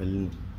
وسلم